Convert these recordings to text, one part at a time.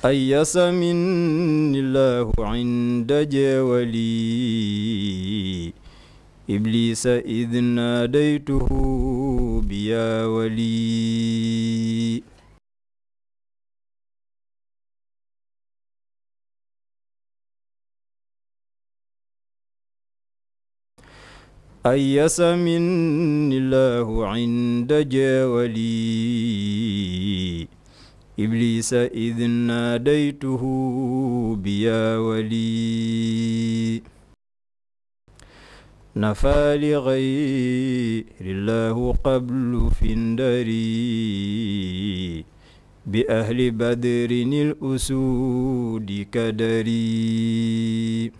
أيس مني الله عند جوالي إبليس إذ ناديته بيا ولي أيس مني الله عند جوالي إبليس إذ ناديته بيا ولي نفى لغير الله قبل فندري بأهل بدر الأسود كدري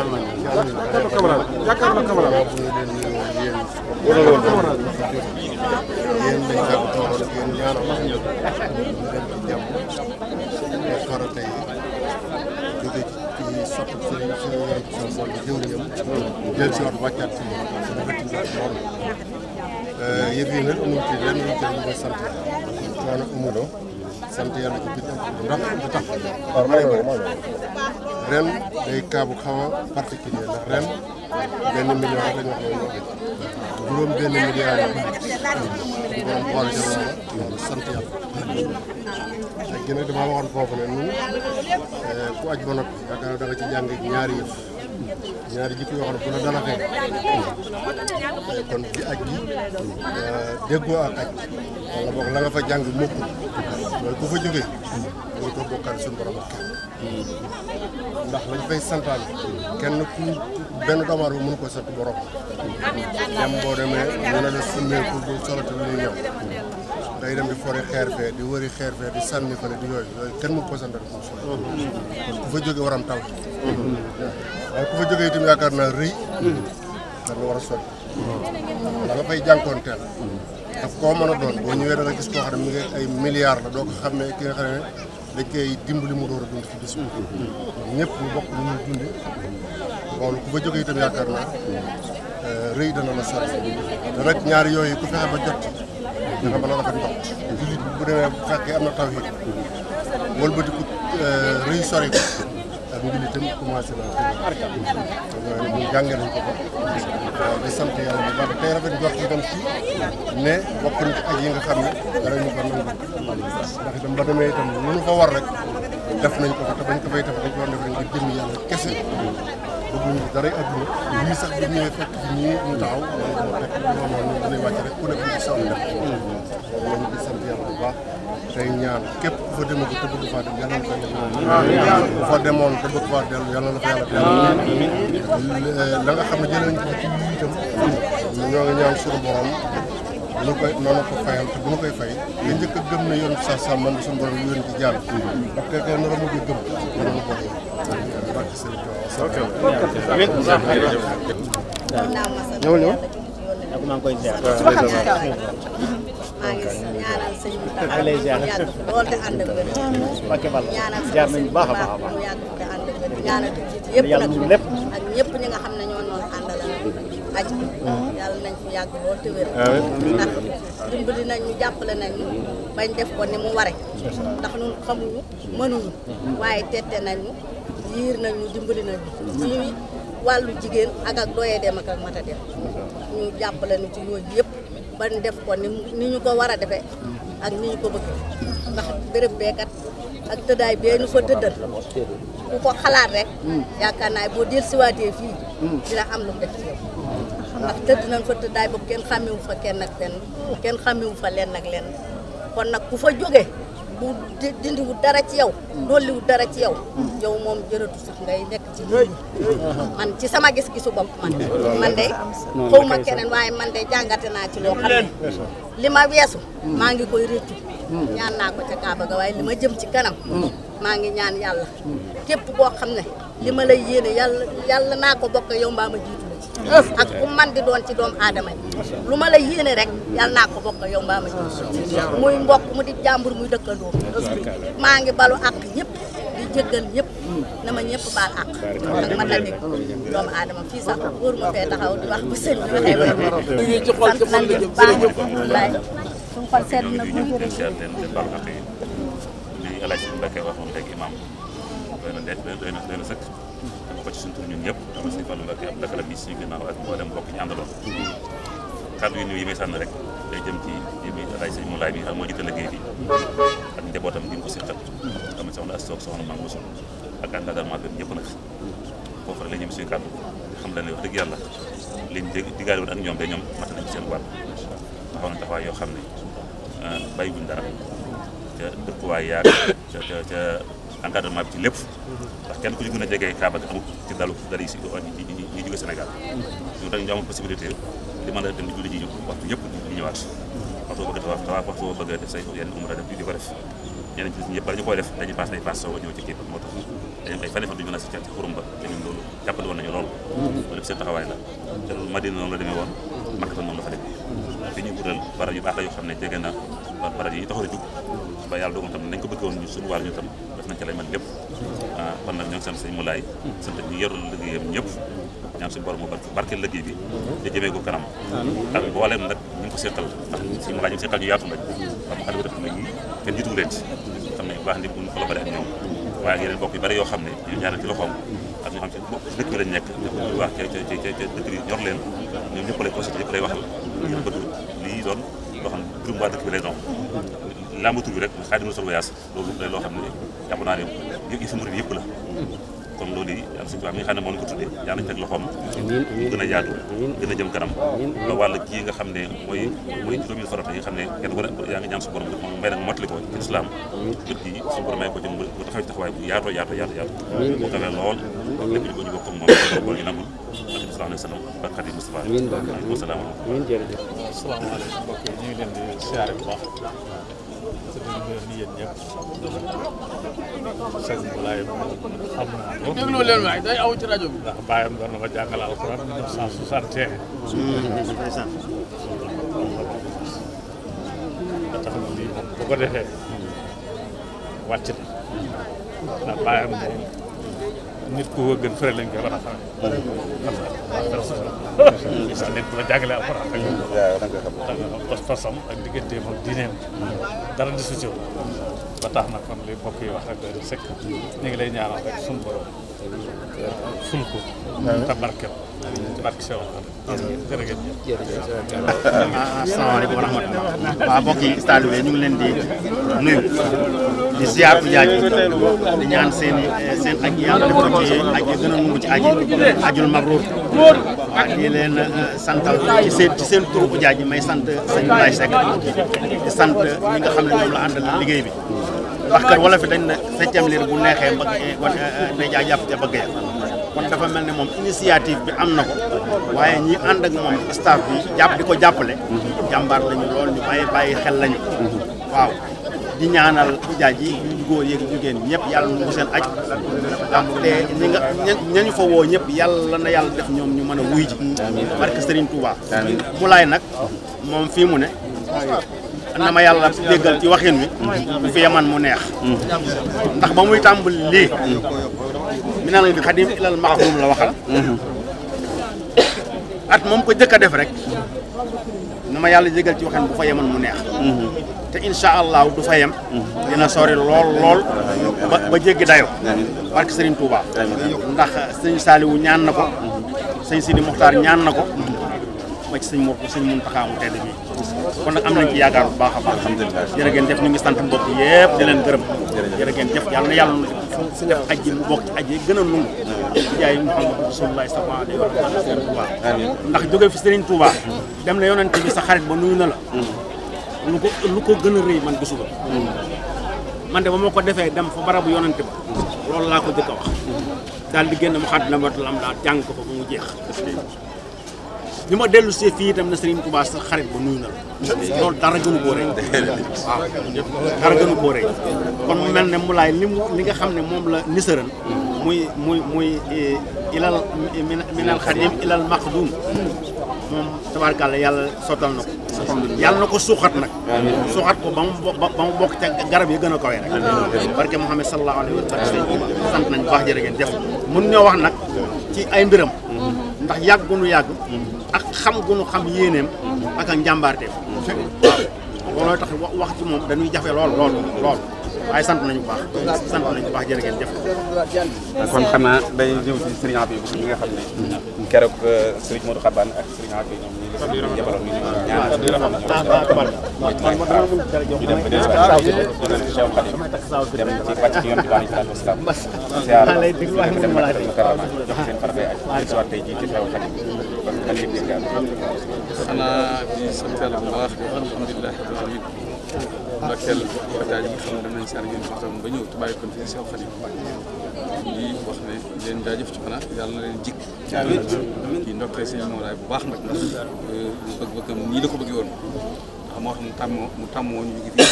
yëf yi nag amul ci lenn lu jëm mooy sant coono amuloo sant yàlla ci biir ndax du tax. ren day kaabu xaw a particulier ndax ren benn million rek la ñu wax noonu juróom benn million la borom xool jamono loolu sant yàlla tey gën a damaa waxoon foofu ne ñun eh, ku aj ba noppi yaakaar ci jàng ñaari yëf ñaari jikko yoo xam ne la dala xee eh, kon ci aj gi eh, déggoo ak aj wala boog la nga fa jàng mokkul loolu bu fa jógee. dañ ko bokkaat suñu borom ak kenn. ndax lañ fay santaane. kenn ku benn doomu aadama mënu ko sant borom. dem boo demee ñu ne la summeeku bu solati lu ñuy ñëw. day dem di fori xeer fee di wëri xeer fee di sànni fële di yooyu yooyu kenn mënu ko sant ak moom kon ku fa jógee waram taw. waaye ku fa jógee itam yaakaar naa rëy. dañ la war a sol da nga fay jànkoonteel daf koo mën a doon boo ñëwee da nga gis koo xam ne mi ngi ay milliards la doo ko xam ne ki nga xam ne dañ koy dimbali mu door a dund ci bis bi ñëpp ñu bokk ñu ñuy dundi loolu ku fa jógee itam euh, ñaari yooyu ku fexe ba jot danga mën a rafet ndox jullit bu demee bu am na taw yi wëlbatiku euh, rëy sori ko ñu ngi itam commencé naa fi ñu jàngal nañ ko fa waaw di sant yàlla bu baax tey rafet jox itam ci ne bokk na ci ak yi nga xam ne dara ñu ko nangu ndax itam ba demee itam lu ñu ko war rek def nañ ko fa te bañ ko fay def dañ ko war def rek ngir jëm yàlla kese bëgguñ ci dara adduna lii sax bu ñëwee fekk fi ñii ñu taxaw wala moo fekk ñoo xam ne dañuy wàcc rek ku nekk ñu soxla def loolu di sant yàlla bu baax tey ñaan képp ku fa demee te bëgg faa dem yàlla na fa yàlla ku fa demoon te na fa yàlla la nga xam ne jëlee nañ ko ci lii itam ñoo ngi ñaan suñu borom lu koy noonu ko fayal te bu ñu koy fay nga njëkk a gëm ne yoon sa sa man suñu borom ko nara mujj sëñ bi taxaw ñu yàgg lool te ànd ak wér. ñaanal sama sëñ bu baax mu yàgg te ànd ak wér ñaanal yëpp ak ñëpp ñi xam ne ñoo noonu àndal aj mm-hmm. yàlla nañ fi yàgg lool te wér. ndax dimbali nañ ñu jàppale nañ ñu bañ def ko ni mu ware ndax ñun xamuñu mënuñu mm-hmm. waaye tette nañu yiir nañu dimbali nañu ci wàllu jigéen ak ak doyee dem ak ak mata dem mm-hmm. ñu jàppale ñu ci yooyu yëpp bañ def ko ni ñu ko war a defee ak ni ñu ko bëgg ndax béréb beekat ak tëddaay bee ñu fa tëddal ku ko xalaat rek hmm. yaakaar naa boo del siwaatee fii hmm. dina am lu def ndax tëdd nañ fa tëddaay boobu kenn xàmmewu fa kenn ak benn kenn xàmmewu fa lenn ak lenn kon nag ku fa jóge bu dindiwu dara ci yow mm. dolliwu dara ci yow mm. yow moom jërëtu sax ngay nekk ci man ci sama gis-gisu bopp man mm. man de xaw ma keneen waaye man de jàngate naa ci loo xam ne li ma weesu maa ngi koy réccu ñaan naa ko ca Kaaba ga waaye li ma jëm ci kanam maa ngi ñaan yàlla képp koo xam ne li ma lay yéene yàlla yàlla naa ko bokk yow mbaa ma jiitu ëf ak ku man di doon ci doomu aadama yi lu ma la yéene rek yal naa ko bokk yow mbaama ji muy mbokk mu di jàmbur muy dëkkandoo maa ngi balu ak ñëpp di jéggal ñëpp na ma ñëpp baal ak ak ma tàggat doomu aadama fii sax wóor ma fee taxaw di wax bu sëñ bi waxee wala sant nañ leen baax alhamdulilah suñu xol sedd na bu jërëjëf di Alaaji Mbacke waxoon rek imam doy na doy na sëkk dama ko ci suñu tur ñun ñëpp dama suñu Fallou Mbacké ab lakalam bi suñu ginnaaw ak mboolem mbokk ñu àndaloon kàddu yu niw yi may sànn rek day jëm ci yi muy lay bi xam ne soxna la ñëm suñu kàddu xam la ne wax dëgg yàlla liñ digaale woon ak ñoom de ñoom mat nañ seen wàll taxaw na taxawaay yoo xam ne ah, bàyyi buñ dara ca dëkkuwaay yaag ca ca encadrement bi ci lépp ndax kenn ku ci gën a jege Kaaba gi amul ci dalu dal yi si ñi jóge Sénégal ñun a a def ko def a si woon nañu loolu lépp seen taxawaay la te noonu la demee woon Makka noonu la fa demee fi ñu utal barab yu baax la yoo xam ne jege na barab yi taxaw a jug ba yàlla dogal tam nañ ko bëgg woon ñu suñu waar ñu tam ci lañ man lépp ah kon nag ñoo ngi sant sëñ Moulay sant ñu yorul liggéeyam ñëpp ñaan suñu borom mu barke barke liggéey bi te jëmee ko kanam ak booleem nag ñu ngi ko seqal ndax sëñ Moulay ñu ngi seqal ñu yaatu lañ xam nga na ñi xam ne baax ni buñ ko la bare ak ñoom waaye yeneen bokk yu bari yoo xam ne ñu ñaanal ci loxoom ak ñoo xam ci dëkk bi lañ nekk ñu wax ca ca ca dëkk bi ñor leen ñoom ñëpp lay constaté ñëpp lay waxal ngir bëgg lii doon loo xam ne waa dëkk bi lay doon làmbatu bi rek xaadimu rasul voyage loolu day loo xam ne jàpp naa ne gis-gisu murid yëpp la kon loolu yi am suñu am nga xam ne moo ñu ko tuddee yaa nañ teg loxoom mu gën a yaatu gën a jëm kanam ba wàll kii nga xam ne mooy mooy juróomi farata yi nga xam ne kenn ku ne yaa ngi ñaan suñu borom may nag mottali ko ci islam kër gi suñu borom may ko jëm bu taxaw ci taxawaay bu yaatoo yaatoo yaatoo yaatu bu kawee lool lépp ñu ko ñu bokk moom bor ñu nangul ak bi sallallahu alayhi wa sallam ak xadim Mustafa alaykum salaam asalaamaaleykum mbokk yi ñu ngi leen di siyaare bu baax ni yéen ñëpp sëñ Balaye xam naa ko. déglu leen waay day aw ci rajo bi. ndax bàyyam doon na ma jàngal alxuraan 1961. da tax na lii bu ko defee wàcc na ndax bàyyam nit ku gën fële lañ koy war a xamee. waaw nit ku la jàngalee alxuraan ak na kon li mbokk yi wax rek doy na sëkk ñu ngi lay ñaanal ful ko ah, te barkeel ci barke Seydou jërëjëf jërëjëf ah, ñu ngi leen di nuyu di ziar jaaj di ñaan seen seen aj yàlla def ko ci aj yi gën a nungu ci aj yi ajul mabruur waaw di leen euh, santal ci seen ci seen turu jaaj may sant sëñ Mbaye Seck di sant ñi nga xam ne ñoom la àndal liggéey bi ndax kat wala fi dañ ne septième liir bu neexee mbagg day jaay jàpp ca kon dafa mel ne moom initiative bi am na ko waaye ñi ànd ak moom staff bi jàpp di ko jàppale. jàmbaar lañu lool ñu bàyyi bàyyi xel lañu. waaw di ñaanal jaaj yi ñu góor yeeg jigéen ñëpp yàlla mu seen aj ndax te ñi nga ñëpp yàlla na yàlla def ñoom ñu mën a wuy ji. barke Serigne Touba. mu laay nag moom fii mu ne. na ma yàlla déggal ci waxin wi. bu fi mu neex. ndax ba muy tàmbali lii. bi naan la di xadim ilal maxmum la waxal at moom ko jëkk def rek na ma yàlla jegal ci waxen bu fa yemoon mu neex te incha allah du fa yem dina sori lool lool ba jéggi dayo barke Serigne Touba ndax sëñ Saliou ñaan na ko sëñ Sidi Mokhtar ñaan na ko ba ci sëñ Mourou sëñ Mountakha mu bi kon am nañ ci yaakaar bu baax a baax jërë ngeen jëf ñu ngi sant mbokk yëpp di leen gërëm jërë ngeen jëf yàlla na yàlla def aj mu bokk ci yi gën a nangu jaay Muhammad Rasulullah sallallahu alayhi wa ndax jóge fi Sëriñ Touba dem na yonent bi sa xarit ba nuyu na la lu ko lu ko gën a rëy man gisu ko man de ba moo ko defee dem fa barabu yonent ba loolu laa ko jëkk a wax daal di génn mu xadd na matul am laa jàng ko fa ba mu jeex bi ma dellu see fii itam na seriñ Touba sa xarit ko nuyu na la loolu dara gënu koo rey waaw dara gënu koo rey kon mu mel ne mu laay li mu li nga xam ne moom la nisëran muy muy muy eh, ilal eh, minal xadim ilal maqdum moom tabarkàlla yàlla sottal na ko yàlla na ko suuxat nag suuxat ko ba mu ba mu bokk ca garab yi gën a kawe rek barke Muhammad sallallahu alayhi wa sallam sant nañ baax jërë mun ñoo wax nag ci ay mbiram mm-hmm. ndax yàgg bu nu yàgg ak xam gu nu xam yéeneem ak ak njàmbaarteef waaw looloo tax wax ci moom dañuy jafe lool lool lool waaye sant nañu bu baax sant nañu bu baax jërë ngeen jëf kon xam naa day ñëw ci sëriñ Abi bu mi nga xam ne keroog euh, sëriñ Modou Xabane ak sëriñ Abi ñoom ñi la jabaloon ñu ñaan dem ci xanaa di sant yàlla bu baax alhamdulilah rabbil alamin ndokkeel bataay yi nga xam ne dem nañ si àll ba ñëw te bàyyi ko fi si xarit di wax ne leen jaajëf ci xanaa yàlla na leen jig. di ndokkee seen moolaay bu baax nag ndax euh, bëgg-bëggam nii la ko bëggee woon. moo tax mu tàmmoo mu tàmmoo ñu ngi fi ngir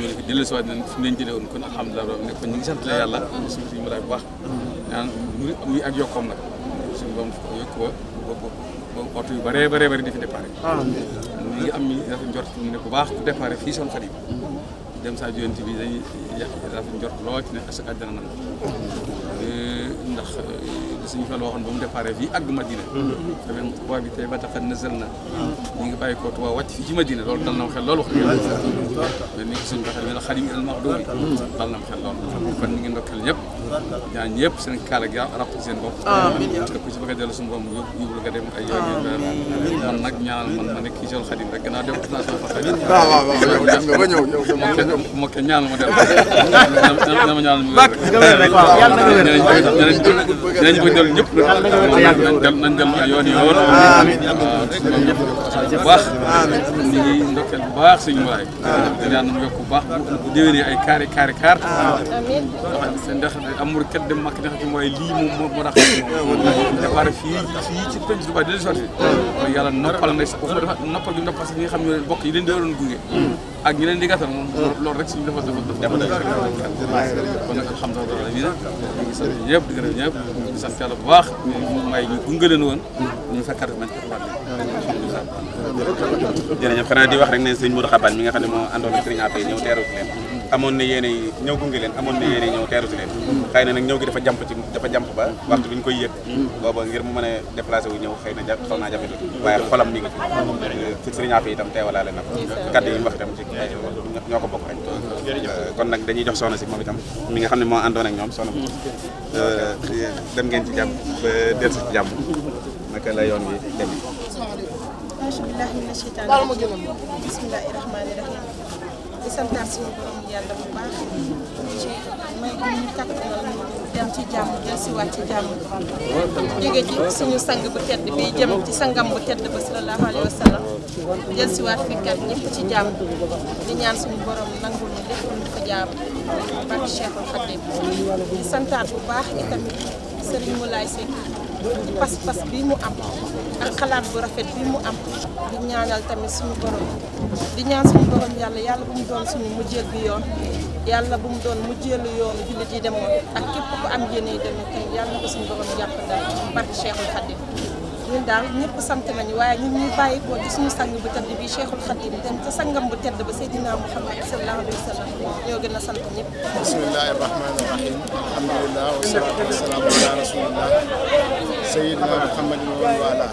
mën a fi dellusiwaat nañ fi mu leen jëlee woon kon alhamdulilah loolu nekk ñu ngi sant la yàlla suñu fi mu laay bu baax. ñaan muy ak yokkoom nag suñu doom yokk ba. ba ba yu bëree bare bëri di fi déparé. ñu ngi am ñu dafa ne bu baax ku déparé fii son xarit. dem saa juyante bi dañuy yàq dafa njort lool ci ne asaka àjjana nan ndax suñu fa la waxoon ba mu déparé fii àgg Madina. dafay waa bi tey a na. ñu ngi bàyyi ko Tuubaa wàcc fii ci Madina loolu dal na xel loolu wax dëgg yàlla. mais ni ko suñu waxee la xarit yi dañu wax yi. dal na xel loolu kon ñu ngi ndokkal ñëpp. ñaan ñëpp seen kaala gi ràpp ci seen bopp ku ci bëgg a dellu suñu borom yóbbu nga dem ay yoon man nag ñaanal man ma nekk Seexul Xadim rek gannaaw dem naa sama fa xadim waaw waaw ba ñëw ñëw mo ke ñaanal ma dellu na ma ñaanal mu bak yàlla na wér nañ bëgg dellu ñëpp nañ dellu ay yoon yoon amiin bu baax ñu ngi ndokkeel bu baax suñu waay ñaan mu yokk bu baax bu déwénee ay kaari kaari kaar amiin am murid kat dem màkk defe ci mooy lii moom moo moo tax départ fii fii ci penc Touba di sorti mooy yàlla noppal na foofu dafa noppal gi mu noppal si ñi nga xam ñoo leen bokk yi leen doon gunge hmm. ak ñi leen di gàttal moom loolu rek suñu dafa dafa dafa kon nag alhamdulilah lii nag ñu ngi sant ñëpp di gërëm ñëpp di sant yàlla bu baax may ñu gunge leen woon hmm. ñu fekkat man a jërëjëf xanaa di wax rek ne sëñ Modou Xabane mi nga xam ne moo àndoon ak sëriñ Afay ñëw teeru leen amoon na yéene ñëw gunge dafa jàmp ci dafa jàmp ba waxtu bi ñu koy yëg booba ngir na ja xaw naa jafe tuuti waaye xolam mi ngi ci sëriñ Afay itam teewalaale na ko kaddu yi ñu wax itam ci ñoo ko bokk rek euh, kon nag nga xam ne moo àndoon ak ñoom soxna euh, dem ngeen ci jàmm ba si ci naka la yoon wi dem auzu billaahi mina sheytaani rajiim bismillaahi rahmaani rahiim di santaat suñu borom yàlla bu baax ci may bu ñu kàttanal dem ci jàmm del si waat ci jàmm jóge ci suñu sang bu tedd bi jëm ci sangam bu tedd ba sallallahu alayhi wa sallam si waat fi kat ci jàmm di ñaan suñu borom nangul ñu lépp lu ko jaam barke Cheikhul Khadim di santaat bu baax itamit Serigne Moulay Seck pas-pas bii mu am ak xalaat bu rafet bii mu am di ñaanal tamit suñu borom di ñaan suñu borom yàlla yàlla bu mu doon suñu mujjeel bi yoon yàlla bu mu doon mujjeelu yoon jullit yi demoon ak képp ku am jën yi demee tey yàlla ko suñu borom jàppandal barke Cheikhul Khadim ñun daal ñëpp sant nañu waaye ñun ñuy bàyyi ko ci suñu sang bu tedd bi Cheikhul Khadim dem te sangam bu tedd ba Seydina Muhammad sallallahu alayhi wa sallam ñoo gën a sant ñëpp bismillahi rahmani rahim alhamdulillah wa salaatu wa salaamu ala rasulillah Seydina Muhammad wa ala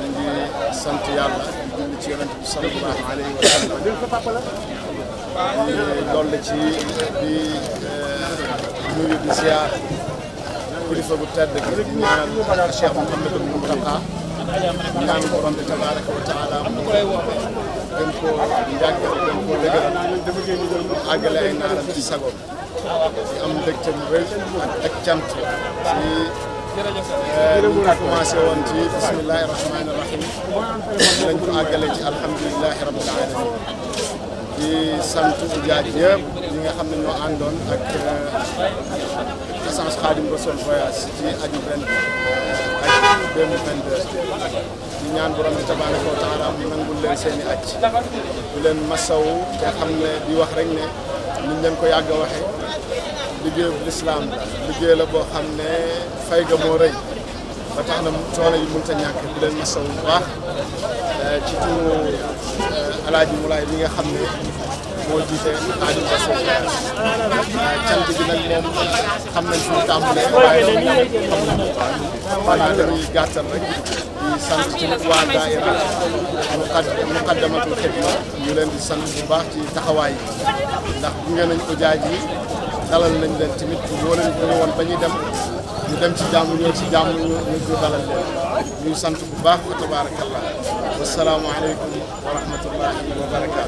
ñu ngi sant yàlla di ci yonent bi sallallahu alayhi wa ci di eh, nuyu di ziar kilifa gu tedd gi di ñaan Cheikh Mouhamadou Mountakha ñaan borom bi tabaraka wa taala gën koo yàggal gën koo dëgëral àggale ay naaram ci sagoom di am mbégte bu rëy ak cant ci a eh, commencé woon ci bismillahi rahmani rahim lañ ko àggale ci alhamdulilahi rabbil alamin di sant ujaaj yëpp ñi nga xam ne ñoo àndoon ak eh, essence Xaadim Rasul voyage ci aju ren bi ak 2022 ñaan borom bi tabaaraka wa taala mu nangul leen seen i aj di leen masawu te xam ne di wax rek ne niñ leen ko yàgg a waxee liggéeyu lislaam liggéey la boo xam ne fay ga moo rëy ba tax na coono yi mënut a ñàkk di leen masawu bu baax eh, ci turu eh, alaaji Mulaay mi nga xam ne moo jiite Xaadim Rasul cant gi nag moom xam nañ fu mu tàmbalee waaye xamuñ ko waaw waaye dañuy gàttal rek di sant ci waa daayira Muqaddamatul Xidma ñu leen di sant bu baax ci taxawaay yi ndax gunge nañ ko jaaj yi dalal nañ leen tamit yoo leen gunge woon ba ñuy dem ñu dem ci jàmm ñoo ci jàmm ñu ñu dalal leen ñuy sant bu baax fa tabaarakallah wasalaamaaleykum wa rahmatullahi wa barakaatu